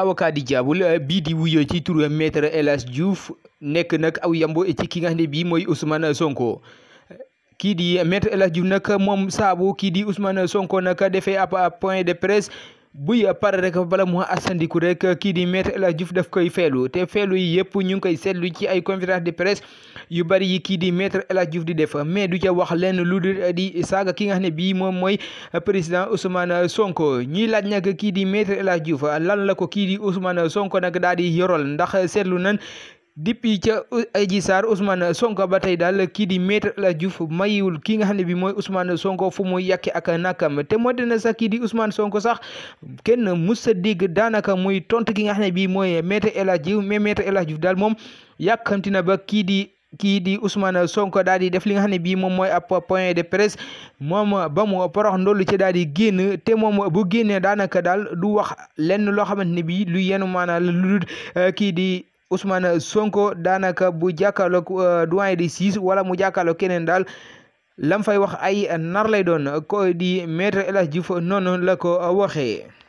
avocat di jaabul eh, bii di wuyoo ci turu maître El Hadji nekk nag aw yambo ci ki nga xam ne bii mooy Ousmane Sonko kii di maître El Hadji Diouf nag moom saabu kii di Ousmane Sonko nag defee ab point de presse. buy pare rek bala moo assandiku rek kii di maître El Hadji Diouf koy feelu te feelu yi yëpp ñu ngi koy seetlu ci ay conférence de presse yu bari yi kii di maître El Hadji Diouf di def mais du ca wax lenn lu dul di saaga ki nga xam ne bii moom mooy président a Sonko ñuy laaj nag kii di maître El Hadji Diouf lan la ko kii di a Sonko nag daal di yorol ndax seetlu nan depuis ca Adji Sarr Ousmane Sonko ba tey daal kii di Maître El Hadji Diouf mayiwul kii nga xam ne bi mooy Ousmane Sonko fu muy yàkke ak nakam te moo dina sax kii di Ousmane Sonko sax kenn mus a dégg daanaka muy tontu ki nga xam ne bi mooy Maître El Hadji Diouf mais Maître El Hadji daal moom yàkkamti na ba kii di kii di Ousmane Sonko daal di def li nga xam ne bii moom mooy ab point de presse moom ba mu porox ndollu ci daal di génn te moom bu génnee daanaka daal du wax lenn loo xamante ne bii lu yenu maanaam lu dul eh, Ousmane Sonko daanaka bu jàkkaarloog euh, doyen di siis wala mu jàkkaarloog keneen daal lam fay wax ay nar lay doon ko di maître El Hadji Diouf noonu la ko euh, waxee.